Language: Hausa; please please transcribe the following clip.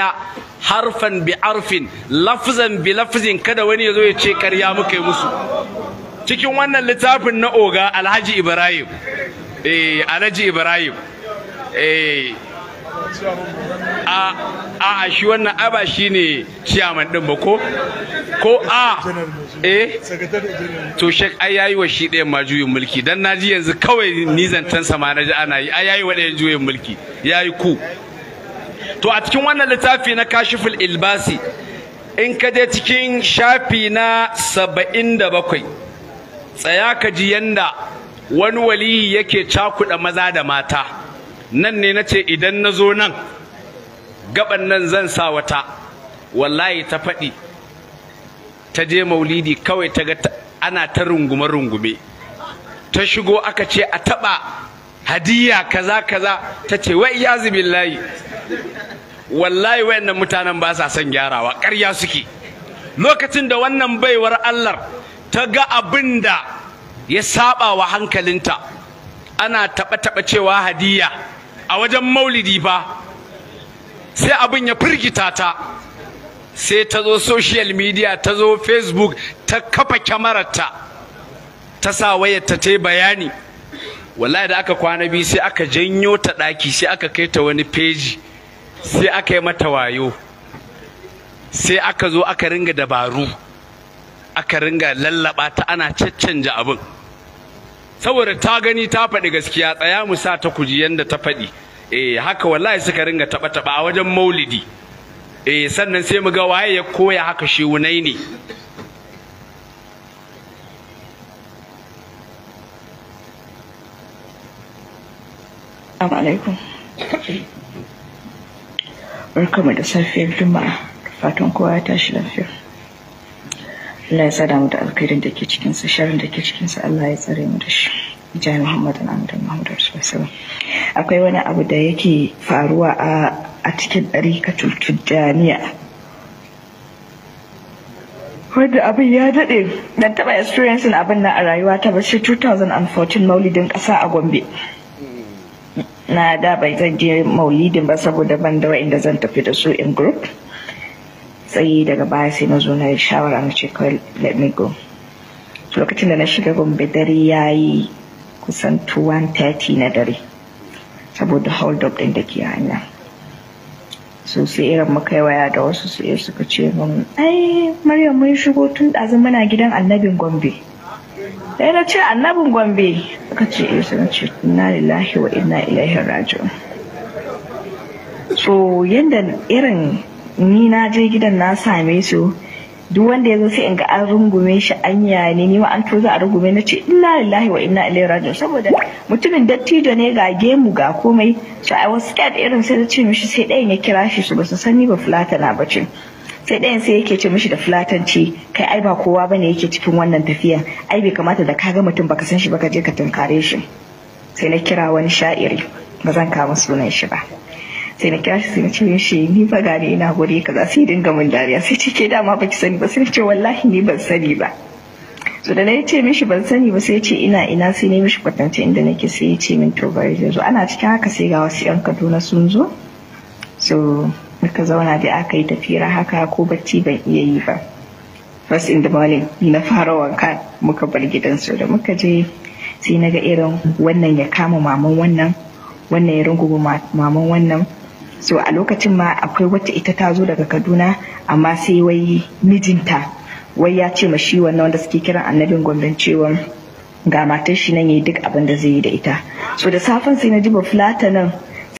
daya harfan bi arfin lafzan bi lafzin kada wani yazo ya ce ƙarya muka yi musu cikin wannan littafin na oga Alhaji Ibrahim eh Alhaji Ibrahim eh a a shi wannan aba shi ne ciyaman din ba ko ko a eh to shek ai yayi wa shi ɗayan ma juyin mulki dan naji yanzu kawai nizantan sama na ji ana yi ai yayi wa ɗayan juyin mulki yayi ku to a cikin wannan littafi na kashiful ilbasi in ka je cikin shafi na saba'in da bakwai tsaya ka ji yanda wani waliyi yake cakuɗa maza da mata nan ne na ce idan na zo nan gaban nan zan sa wata wallahi ta faɗi ta je maulidi kawai ta ga ana ta rungume-rungume ta shigo aka ce a taɓa hadiya kaza kaza ta ce wai yazi billahi wallahi wayannan mutanen ba sa son gyarawa ƙarya suke lokacin da wannan baiwar Allah ta ga abin da ya saba wa hankalinta ana taɓa-taɓa cewa hadiya a wajen maulidi fa sai abin ya firgita ta sai ta zo social media ta zo facebook ta kafa kyamararta ta sa wayar ta yi bayani wallahi da aka kwana biyu sai aka janyo ta ɗaki sai aka kai ta wani peji sai aka yi mata wayo sai aka zo aka ringa dabaru aka ringa lallaba ta ana caccanja abin saboda ta gani ta faɗi gaskiya tsaya mu sa ta kuji yanda ta faɗi eh haka wallahi suka ringa taɓa taɓa a wajen maulidi eh sannan sai mu ga waye ya koya haka shi wunai ne alaikum. barkamu da safiyar juma'a fatan kowa ya tashi lafiya Allah ya sada mu da alkhairin da ke cikin sa sharrin da ke cikin sa Allah ya tsare mu da shi jami Muhammad na da Muhammad sallallahu akwai wani abu da yake faruwa a a cikin ɗarikatul tijjaniya wanda abin ya daɗe dan taɓa experiencing abin nan a rayuwa ta bashi 2014 maulidin ƙasa a Gombe na da bai zan je maulidin ba saboda ban da wa'inda zan tafi da su in group sai daga baya sai na zo na shawara na ce kawai let me go lokacin da na shiga gombe dare ya yi kusan 2:30 na dare saboda hold up din da ke hanya so sai irin muka waya da wasu iya suka ce mun ai maryam mun shigo tun ɗazu muna gidan annabin gombe sai na ce annabin gombe ka ce eh sana ce inna lillahi wa inna ilaihi raji'un so yadda irin ni na je gidan na same su duk wanda ya zo sai in ga an rungume shi anya ne ni ma an to za a rungume na ce inna lillahi wa inna ilaihi raji'un saboda mutumin dattijo ne ga gemu ga komai so i was scared irin sai na ce mishi sai ɗayan ya kira shi su ba su san ba fulata ba ce sai ɗayan sai yake ce mishi da fulatanci kai ai ba kowa bane yake cikin wannan tafiya ai bai kamata da kaga mutum baka san shi baka je ka tunkare shi sai na kira wani sha'iri ba zan kama sunan shi ba sai na kira shi sai na ce shi ni ba gane ina guri kaza sai dinga mun dariya sai ce ke dama baki sani ba sai ce wallahi ni ban sani ba so da na ce mishi ban sani ba sai ce ina ina sai ne mishi kwatance inda nake sai ya ce min to bari zai zo ana cikin haka sai ga wasu yan kaduna sun zo so muka zauna da aka yi tafira haka ko bacci ban iya yi ba first in the morning na fara wanka muka bar gidan su da muka je sai na ga irin wannan ya kama maman wannan wannan ya rungu maman wannan so a lokacin ma akwai wacce ita ta zo daga kaduna amma sai wai mijinta wai ya ce ma shi wannan wanda suke kiran annabin gwamnan cewa ga matar shi nan yi duk abin da zai yi da ita so da safen sai na ji ba fulata nan